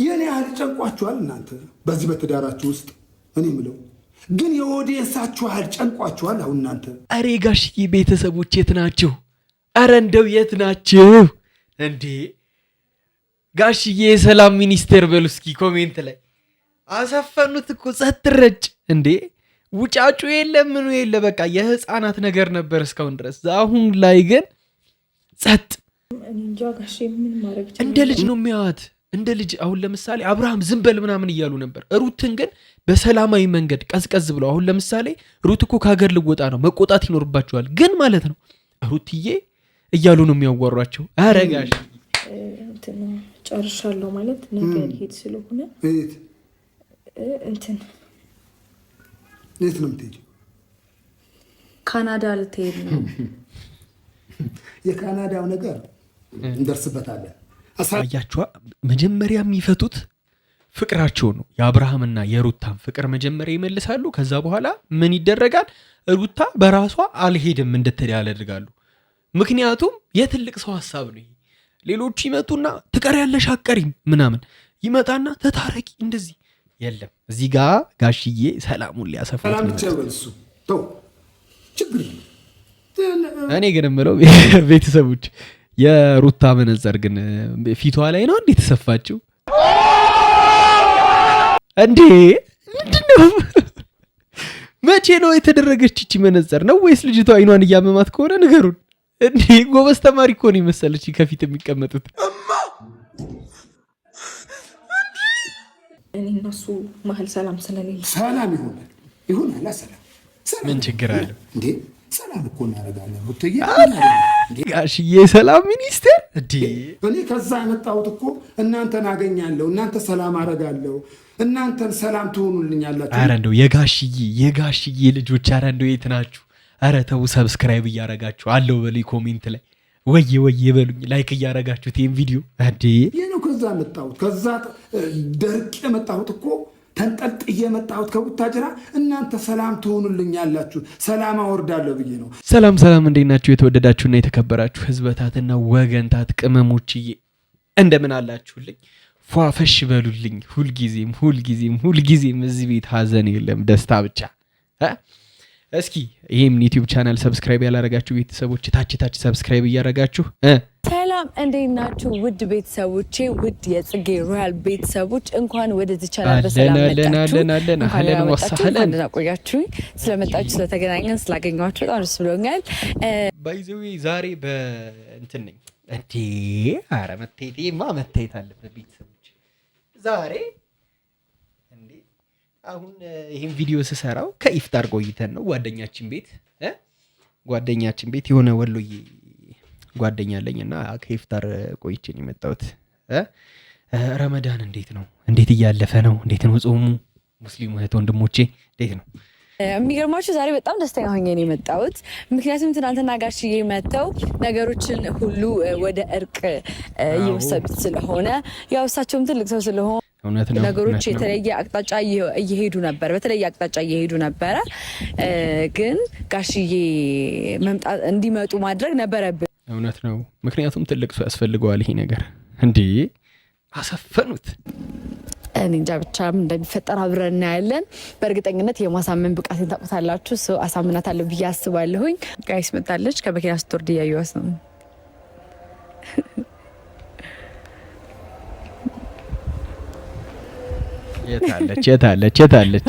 የኔ ያህል ጨንቋችኋል እናንተ በዚህ በትዳራችሁ ውስጥ እኔ ምለው ግን የወዴሳችሁ ያህል ጨንቋችኋል። አሁን እናንተ አሬ ጋሽዬ ቤተሰቦች የት ናችሁ? አረ እንደው የት ናችሁ እንዴ? ጋሽዬ የሰላም ሚኒስቴር በሉ እስኪ ኮሜንት ላይ አሰፈኑት እኮ ጸጥ ረጭ እንዴ ውጫጩ የለ ምኑ የለ በቃ የህፃናት ነገር ነበር እስካሁን ድረስ። አሁን ላይ ግን ጸጥ እንደ ልጅ ነው የሚያዋት እንደ ልጅ አሁን ለምሳሌ አብርሃም ዝም በል ምናምን እያሉ ነበር። ሩትን ግን በሰላማዊ መንገድ ቀዝቀዝ ብለው አሁን ለምሳሌ ሩት እኮ ከሀገር ልወጣ ነው መቆጣት ይኖርባቸዋል፣ ግን ማለት ነው ሩትዬ እያሉ ነው የሚያዋሯቸው። ኧረ ጋሽ ጨርሻለሁ ማለት ነገ ሄድ ስለሆነ እንትን የት ነው ካናዳ ልትሄድ ነው። የካናዳው ነገር እንደርስበታለን አያቸ መጀመሪያ የሚፈቱት ፍቅራቸው ነው። የአብርሃምና የሩታን ፍቅር መጀመሪያ ይመልሳሉ። ከዛ በኋላ ምን ይደረጋል? ሩታ በራሷ አልሄድም እንድትል ያደርጋሉ። ምክንያቱም የትልቅ ሰው ሀሳብ ነው። ሌሎቹ ይመጡና ያለሽ አቀሪም ምናምን ይመጣና ተታረቂ እንደዚህ የለም። እዚህ ጋ ጋሽዬ ሰላሙን ሊያሰፋ እኔ ግን ምለው ቤተሰቦች የሩታ መነጽር ግን ፊቷ ላይ ነው እንዴ የተሰፋችው? እንዴ ምንድነው? መቼ ነው የተደረገች ይቺ መነጽር? ነው ወይስ ልጅቷ አይኗን እያመማት ከሆነ ንገሩን። እንዴ ጎበዝ ተማሪ እኮ ነው የመሰለች ከፊት የሚቀመጡት። እነሱ መሀል ሰላም ስለሌለ ሰላም ይሁን አላ ሰላም ምን ችግር አለው? ሰላም እኮ እናደርጋለን። ጋሽዬ ሰላም ሚኒስቴር እኔ ከዛ የመጣሁት እኮ እናንተን አገኛለሁ፣ እናንተ ሰላም አደርጋለሁ፣ እናንተን ሰላም ትሆኑልኛላችሁ። ኧረ እንደው የጋሽዬ የጋሽዬ ልጆች ኧረ እንደው የት ናችሁ? ኧረ ተው፣ ሰብስክራይብ እያረጋችሁ አለው በሉኝ፣ ኮሜንት ላይ ወይ ወይ በሉኝ፣ ላይክ እያረጋችሁት ይህም ቪዲዮ ይህ ነው። ከዛ መጣሁት ከዛ ደርቅ የመጣሁት እኮ ተንጠልጥ እየመጣሁት ከቡታጅራ እናንተ ሰላም ትሆኑልኛላችሁ፣ ሰላም አወርዳለሁ ብዬ ነው። ሰላም ሰላም፣ እንዴት ናችሁ? የተወደዳችሁና የተከበራችሁ ህዝበታትና ወገንታት ቅመሞችዬ እንደምን አላችሁልኝ? ፏፈሽ በሉልኝ። ሁልጊዜም ሁልጊዜም ሁልጊዜም እዚህ ቤት ሀዘን የለም ደስታ ብቻ እስኪ ይህም ዩቲዩብ ቻናል ሰብስክራይብ ያላረጋችሁ ቤተሰቦች ታች ታች ሰብስክራይብ እያረጋችሁ ሰላም እንዴት ናችሁ? ውድ ቤተሰቦቼ፣ ውድ የጽጌ ሮያል ቤተሰቦች እንኳን ወደዚህ ቻናል በሰላም መጣችሁ። ቆያችሁኝ ስለመጣችሁ ስለተገናኘን ስላገኘኋችሁ በጣም ደስ ብሎኛል። ባይዘዊ ዛሬ በእንትን ነኝ እንዴ! መታየት ማ መታየት አለበት ቤተሰቦች ዛሬ አሁን ይህን ቪዲዮ ስሰራው ከኢፍጣር ቆይተን ነው። ጓደኛችን ቤት ጓደኛችን ቤት የሆነ ወሎዬ ጓደኛ አለኝ እና ከኢፍጣር ቆይችን የመጣሁት ረመዳን እንዴት ነው? እንዴት እያለፈ ነው? እንዴት ነው ጾሙ? ሙስሊም እህት ወንድሞቼ እንዴት ነው? የሚገርማችሁ ዛሬ በጣም ደስተኛ ሆኜ ነው የመጣሁት። ምክንያቱም ትናንትና ጋሽዬ መጥተው ነገሮችን ሁሉ ወደ እርቅ እየወሰዱት ስለሆነ ያው እሳቸውም ትልቅ ሰው ስለሆነ ነገሮች የተለየ አቅጣጫ እየሄዱ ነበር፣ በተለየ አቅጣጫ እየሄዱ ነበረ። ግን ጋሽዬ መምጣት እንዲመጡ ማድረግ ነበረብን። እውነት ነው። ምክንያቱም ትልቅ ሰው ያስፈልገዋል ይሄ ነገር። እንዴ አሰፈኑት። እኔ እንጃ ብቻ እንደሚፈጠር አብረን እናያለን። በእርግጠኝነት የማሳመን ብቃት ታውቁታላችሁ። ሰው አሳምናታለሁ ብዬ አስባለሁኝ። ጋይስ መጣለች። ከመኪና ስትወርድ እያየዋት ነው የታለች የታለች የታለች?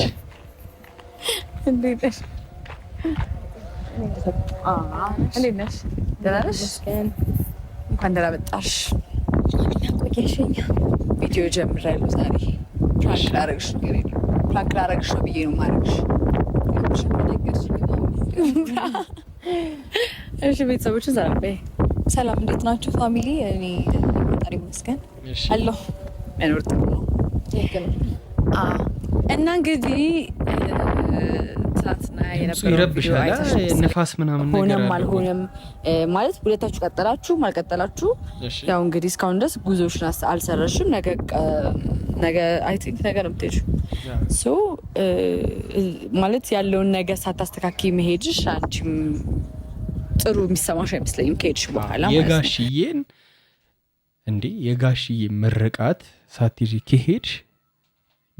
እንኳን ደህና መጣሽ። ቪዲዮ ጀምሬያለሁ ዛሬ። ፕራንክ ላደርግሽ ነገር የለም ፕራንክ ላደርግሽ ነው ብዬ ነው የማደርግሽ። እሺ ቤተሰቦች ዛሬ ሰላም፣ እንዴት ናችሁ ፋሚሊ? እኔ ፈጣሪ ይመስገን አለሁ። መኖር ጥሩ ነው። እና እንግዲህ ይረብሻል ነፋስ ምናምን ሆነም አልሆነም ማለት ሁለታችሁ ቀጠላችሁ አልቀጠላችሁ፣ ያው እንግዲህ እስካሁን ድረስ ጉዞሽን አልሰረሽም። ነገ አይ ቲንክ ነገ ነው የምትሄጂው ሶ ማለት ያለውን ነገር ሳታስተካኪ መሄድሽ አንቺም ጥሩ የሚሰማሽ አይመስለኝም ከሄድሽ በኋላ የጋሽዬን እንዴ የጋሽዬ ምርቃት ሳትይዥ ከሄድሽ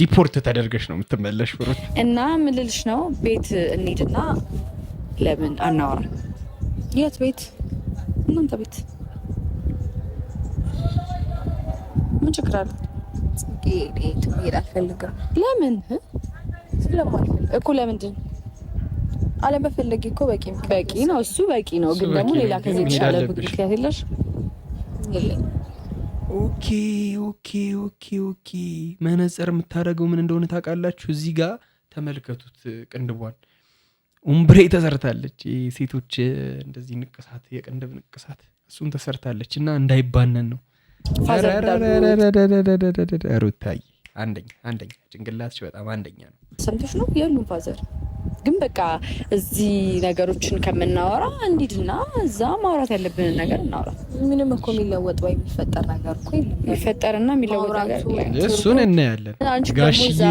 ዲፖርት ተደርገሽ ነው የምትመለሽ ብሩ እና ምልልሽ ነው ቤት እንሂድና ለምን አናወራ? የት ቤት? እናንተ ቤት ምን ችግር አለ? ቤት መሄድ አልፈልግም። ለምን ስለማልፈልግ እኮ ለምንድን አለመፈለግ እኮ በቂ በቂ ነው። እሱ በቂ ነው። ግን ደግሞ ሌላ ከዚህ የተሻለ ምክንያት የለሽ? ኦኬ ኦኬ ኦኬ ኦኬ። መነጽር የምታደርገው ምን እንደሆነ ታውቃላችሁ? እዚህ ጋር ተመልከቱት ቅንድቧን ኡምብሬ ተሰርታለች። ሴቶች እንደዚህ ንቅሳት፣ የቅንድብ ንቅሳት እሱን ተሰርታለች እና እንዳይባነን ነው። ሩታዬ አንደኛ አንደኛ፣ ጭንቅላትሽ በጣም አንደኛ ነው። ሰምተሽ ነው ያሉን ፋዘር ግን በቃ እዚህ ነገሮችን ከምናወራ እንዲድና እዛ ማውራት ያለብንን ነገር እናውራ። ምንም እኮ የሚለወጥ ወይ የሚፈጠር ነገር እኮ የሚፈጠርና የሚለወጥ ነገር እሱን እናያለን። ጋሽዬ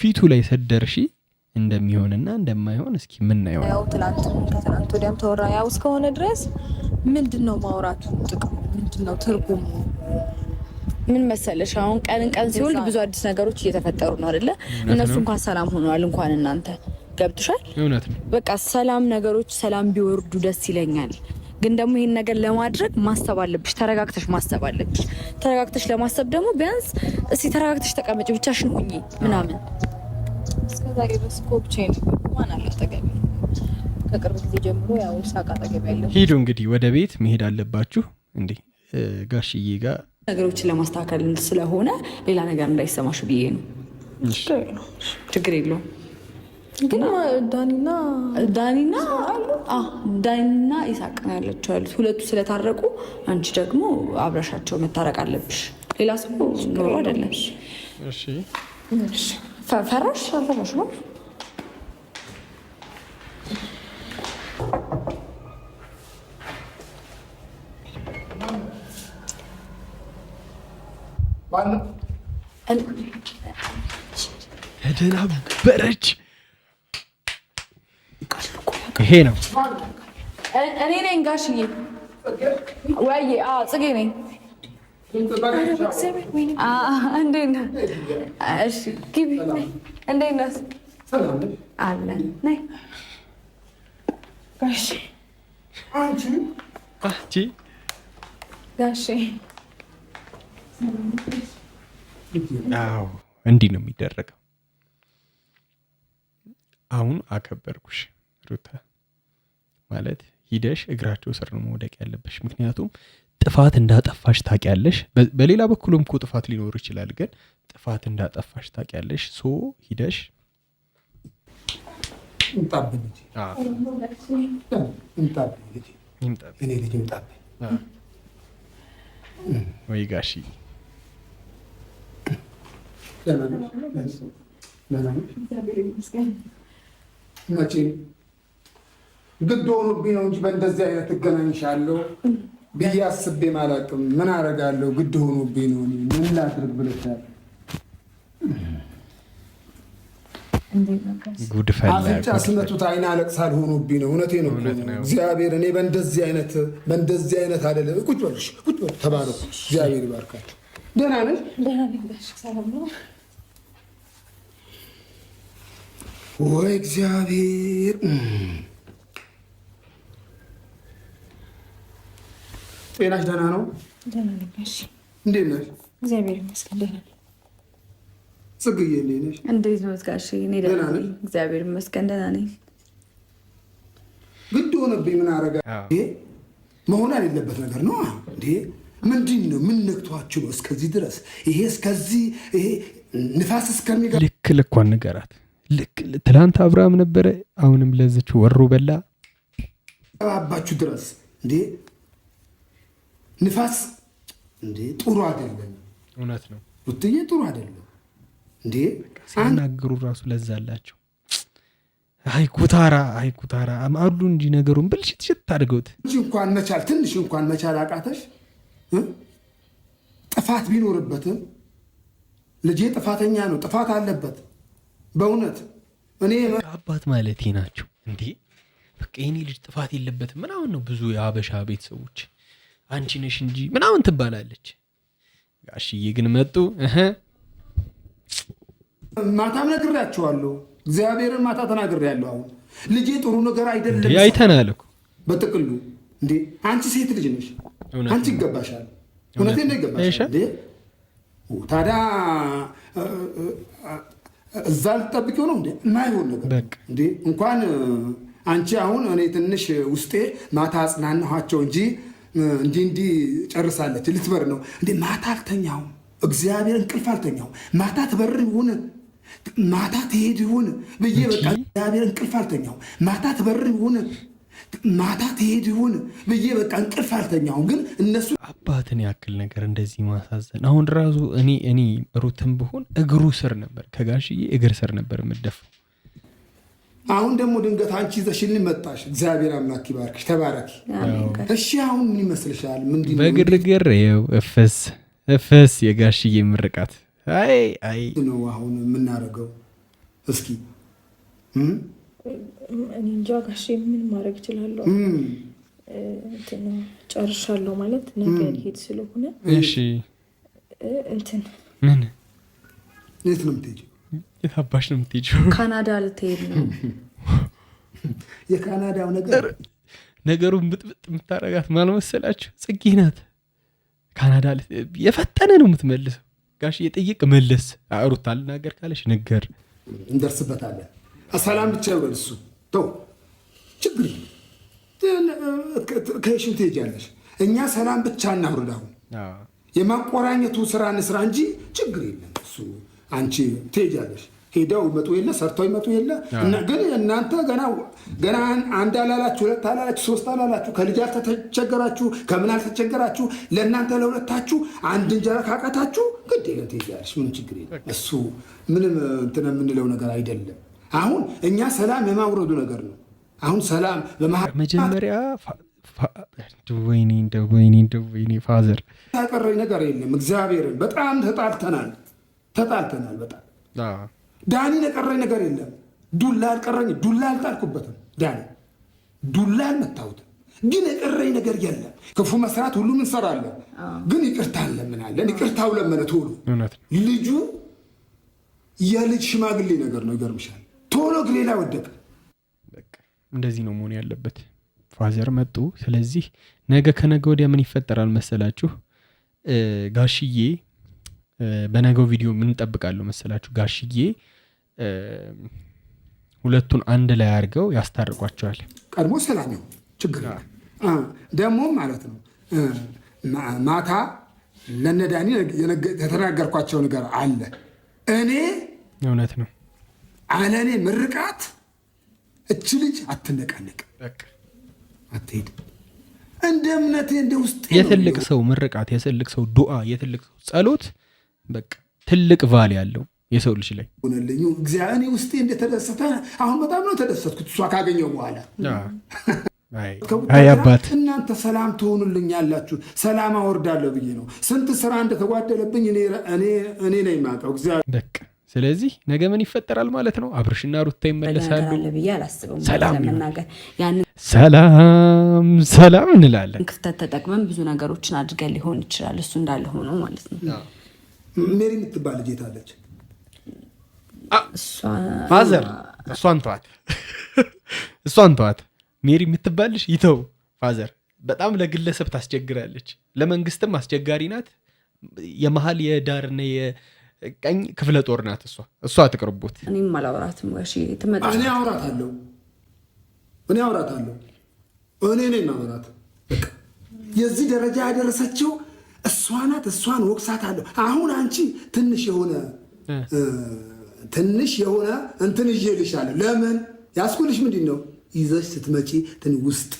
ፊቱ ላይ ሰደርሺ እንደሚሆንና እንደማይሆን እስኪ ምናየው። ያው ትናንት ከትናንት ወዲያም ተወራ። ያው እስከሆነ ድረስ ምንድን ነው ማውራቱ ጥቅሙ ምንድን ነው ትርጉሙ? ምን መሰለሽ አሁን ቀንን ቀን ሲወልድ ብዙ አዲስ ነገሮች እየተፈጠሩ ነው አይደለ? እነሱ እንኳን ሰላም ሆነዋል፣ እንኳን እናንተ ገብቶሻል። እውነት ነው። በቃ ሰላም ነገሮች ሰላም ቢወርዱ ደስ ይለኛል። ግን ደግሞ ይህን ነገር ለማድረግ ማሰብ አለብሽ፣ ተረጋግተሽ ማሰብ አለብሽ። ተረጋግተሽ ለማሰብ ደግሞ ቢያንስ እስቲ ተረጋግተሽ ተቀመጭ፣ ብቻሽን ሁኚ ምናምን ሂዱ እንግዲህ ወደ ቤት መሄድ አለባችሁ። እንዲህ ጋሽዬ ጋር ነገሮችን ለማስተካከል ስለሆነ ሌላ ነገር እንዳይሰማሽ ብዬ ነው። ችግር የለውም ግን ዳኒና ዳኒና ይሳቅ ነው ያለችው ያሉት ሁለቱ ስለታረቁ፣ አንቺ ደግሞ አብረሻቸው መታረቅ አለብሽ። ሌላ ሰው ኖሮ አይደለም ፈራሽ አልፈራሽ ነው ደህና ይሄ ነው እኔ ነኝ ጋሽዬ፣ ወይ ጽጌ ነኝ። እንዲህ ነው የሚደረገው። አሁን አከበርኩሽ ሩታ ማለት ሂደሽ እግራቸው ስር ነው መውደቅ ያለበሽ። ምክንያቱም ጥፋት እንዳጠፋሽ ታውቂያለሽ። በሌላ በኩልም እኮ ጥፋት ሊኖር ይችላል፣ ግን ጥፋት እንዳጠፋሽ ታውቂያለሽ። ሶ ሂደሽ ወይ ጋሺ ለማለት መቼም ግድ ሆኖብኝ ነው እንጂ በእንደዚህ አይነት እገናኝሻለሁ ብዬ አስቤም አላውቅም። ምን አደርጋለሁ? ግድ ሆኖብኝ ነው። ምን ላድርግ ብለሻል። ጉድ አይን አለቅሳል ሆኖብኝ ነው። እውነቴ ነው እግዚአብሔር። እኔ በእንደዚህ አይነት በእንደዚህ አይነት አይደለም። ቁጭ በልሽ፣ ቁጭ በል ተባረኩ። እግዚአብሔር ይባርካል። ደህና ነሽ? ወይ እግዚአብሔር ጤናሽ ደህና ነው? ደህና ነሽ? እንዴት ነሽ? እግዚአብሔር ይመስገን ደህና ነኝ። ጽግዬ እንዴት ነሽ? እንዴት ነው ጋሽ? እኔ ደህና ነኝ፣ እግዚአብሔር ይመስገን ደህና ነኝ። ግድ ሆነብኝ። ምን አረጋ መሆን የሌለበት ነገር ነው እንዴ! ምንድን ነው? ምን ነግቷችሁ ነው እስከዚህ ድረስ? ይሄ እስከዚህ ይሄ ንፋስ እስከሚገ ልክ ልኳን ንገራት ትላንት አብርሃም ነበረ፣ አሁንም ለዝች ወሮ በላ አባችሁ ድረስ እንዴ ንፋስ እንዴ ጥሩ አይደለም። እውነት ነው ውትዬ፣ ጥሩ አይደለም እንዴ ሲናገሩ ራሱ ለዛ አላቸው። አይ ኩታራ፣ አይ ኩታራ አሉ እንጂ ነገሩን ብልሽት ሽት አድርገውት እንኳን መቻል ትንሽ እንኳን መቻል አቃተሽ። ጥፋት ቢኖርበትም ልጄ ጥፋተኛ ነው፣ ጥፋት አለበት በእውነት እኔ አባት ማለት ናቸው እንዴ? በቃ የኔ ልጅ ጥፋት የለበትም ምናምን ነው ብዙ የአበሻ ቤተሰቦች አንቺ ነሽ እንጂ ምናምን ትባላለች። ጋሽዬ ግን መጡ። ማታም ነግሬያቸዋለሁ፣ እግዚአብሔርን ማታ ተናግሬያለሁ። አሁን ልጄ ጥሩ ነገር አይደለም አይተናል እኮ በጥቅሉ። እንዴ አንቺ ሴት ልጅ ነሽ፣ አንቺ ይገባሻል። እውነቴን ነው ይገባሻል። ታዲያ እዛ ልትጠብቂው ነው እንዴ? የማይሆን ነገር እንዴ! እንኳን አንቺ አሁን እኔ ትንሽ ውስጤ ማታ አጽናናኋቸው እንጂ እንዲህ እንዲህ ጨርሳለች ልትበር ነው እንዴ? ማታ አልተኛሁም፣ እግዚአብሔር እንቅልፍ አልተኛሁም። ማታ ትበር ይሁን ማታ ትሄድ ይሁን ብዬ በቃ እግዚአብሔር እንቅልፍ አልተኛሁም። ማታ ትበር ይሁን ማታ ትሄድ ይሁን ብዬ በቃ እንቅልፍ አልተኛሁም። ግን እነሱ አባትን ያክል ነገር እንደዚህ ማሳዘን አሁን ራሱ እኔ እኔ ሩትን ብሆን እግሩ ስር ነበር ከጋሽዬ እግር ስር ነበር የምደፋው። አሁን ደግሞ ድንገት አንቺ ይዘሽልኝ መጣሽ። እግዚአብሔር አምላክ ይባርክሽ፣ ተባረኪ። እሺ አሁን ምን ይመስልሻል? ምንድን በግርግር ይኸው እፈስ የጋሽዬ ምርቃት አይ አይ ነው አሁን የምናደርገው እስኪ እንጃ ጋሽ ምን ማድረግ እችላለሁ? ጨርሻለሁ ማለት ነገ ሄድ ስለሆነ እሺ። እንትን ምን የት ነው የምትሄጂው? የት አባሽ ነው የምትሄጂው? ካናዳ ልትሄድ ነው። የካናዳው ነገር ነገሩን ብጥብጥ የምታረጋት ማን መሰላችሁ? ጽጌ ናት። ካናዳ የፈጠነ ነው የምትመልሰው። ጋሽ የጠየቅ መለስ አሩታል ነገር ካለሽ ነገር እንደርስበታለን ሰላም ብቻ ይበል እሱ ተው ችግር ከሽን ትሄጃለሽ። እኛ ሰላም ብቻ እናውርድ። አሁን የማቆራኘቱ ስራ ንስራ እንጂ ችግር የለም። እሱ አንቺ ትሄጃለሽ። ሄደው ይመጡ የለ ሰርተው ይመጡ የለ ግን እናንተ ገና ገና አንድ አላላችሁ፣ ሁለት አላላችሁ፣ ሶስት አላላችሁ። ከልጅ አልተቸገራችሁ፣ ከምን አልተቸገራችሁ። ለእናንተ ለሁለታችሁ አንድ እንጀራ ካቃታችሁ ግድ የለም ትሄጃለሽ። ምን ችግር የለም። እሱ ምንም እንትን የምንለው ነገር አይደለም። አሁን እኛ ሰላም የማውረዱ ነገር ነው። አሁን ሰላም መጀመሪያ ወይኔ ፋዘር ያቀረኝ ነገር የለም። እግዚአብሔርን በጣም ተጣልተናል፣ ተጣልተናል በጣም ዳኒን የቀረኝ ነገር የለም። ዱላ አልቀረኝ፣ ዱላ አልጣልኩበትም። ዳኒ ዱላ አልመታሁትም፣ ግን የቀረኝ ነገር የለም። ክፉ መስራት ሁሉም እንሰራለን፣ ግን ይቅርታ እንለምናለን። ይቅርታው ለመነ ቶሎ ልጁ የልጅ ሽማግሌ ነገር ነው። ይገርምሻል ቶሎ ግሌላ ወደቀ። እንደዚህ ነው መሆን ያለበት። ፋዘር መጡ። ስለዚህ ነገ ከነገ ወዲያ ምን ይፈጠራል መሰላችሁ? ጋሽዬ በነገው ቪዲዮ ምን እንጠብቃለሁ መሰላችሁ? ጋሽዬ ሁለቱን አንድ ላይ አድርገው ያስታርቋቸዋል። ቀድሞ ሰላም ነው ችግር ደግሞ ማለት ነው። ማታ ለነዳኒ የተናገርኳቸው ነገር አለ እኔ እውነት ነው አለኔ ምርቃት እች ልጅ አትነቃነቅ አትሄድ። እንደ እምነቴ እንደ ውስጥ የትልቅ ሰው ምርቃት፣ የትልቅ ሰው ዱዓ፣ የትልቅ ሰው ጸሎት በቃ ትልቅ ቫል ያለው የሰው ልጅ ላይ ሆነልኝ። እግዚአብሔር እኔ ውስጤ እንደተደሰተ አሁን በጣም ነው ተደሰትኩት። እሷ ካገኘው በኋላ አባት እናንተ ሰላም ትሆኑልኝ ያላችሁ ሰላም አወርዳለሁ ብዬ ነው። ስንት ስራ እንደተጓደለብኝ እኔ ነኝ ማቀው? እግዚአብሔር ስለዚህ ነገ ምን ይፈጠራል ማለት ነው? አብርሽና ሩታ ይመለሳሉ ሰላም ሰላም እንላለን። ክፍተት ተጠቅመን ብዙ ነገሮችን አድርገን ሊሆን ይችላል። እሱ እንዳለ ሆኖ ማለት ነው። ሜሪ የምትባል ልጅ የታለች? እሷን ተዋት፣ እሷን ተዋት። ሜሪ የምትባልሽ ይተው ፋዘር። በጣም ለግለሰብ ታስቸግራለች፣ ለመንግስትም አስቸጋሪ ናት። የመሀል የዳርና ቀኝ ክፍለ ጦር ናት እሷ እሷ አትቅርቡት። እኔም አላውራትም ጋሼ ትመጣ እኔ አውራታለሁ እኔ አውራታለሁ እኔ እኔ አውራት የዚህ ደረጃ ያደረሰችው እሷ ናት። እሷን ወቅሳታለሁ። አሁን አንቺ ትንሽ የሆነ ትንሽ የሆነ እንትን ይዤልሻለሁ። ለምን ያስኩልሽ ምንድን ነው ይዘሽ ስትመጪ ትን ውስጥ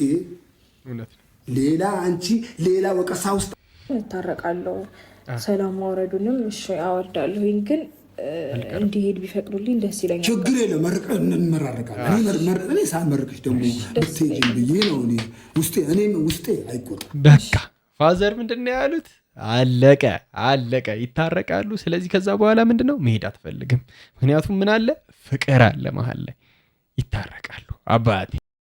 ሌላ አንቺ ሌላ ወቀሳ ውስጥ ታረቃለሁ ሰላም ማውረዱንም እሺ አወርዳለሁኝ ግን እንዲሄድ ቢፈቅዱልኝ ደስ ይለኛል። ችግር የለም እንመራረቃለን። እኔ ሳመርቅሽ ደግሞ ብትሄጂ ብዬ ነው ውስጤ እኔም ውስጤ አይቆጣም። በቃ ፋዘር ምንድን ነው ያሉት? አለቀ አለቀ፣ ይታረቃሉ። ስለዚህ ከዛ በኋላ ምንድን ነው መሄድ አትፈልግም። ምክንያቱም ምን አለ ፍቅር አለ መሀል ላይ ይታረቃሉ አባቴ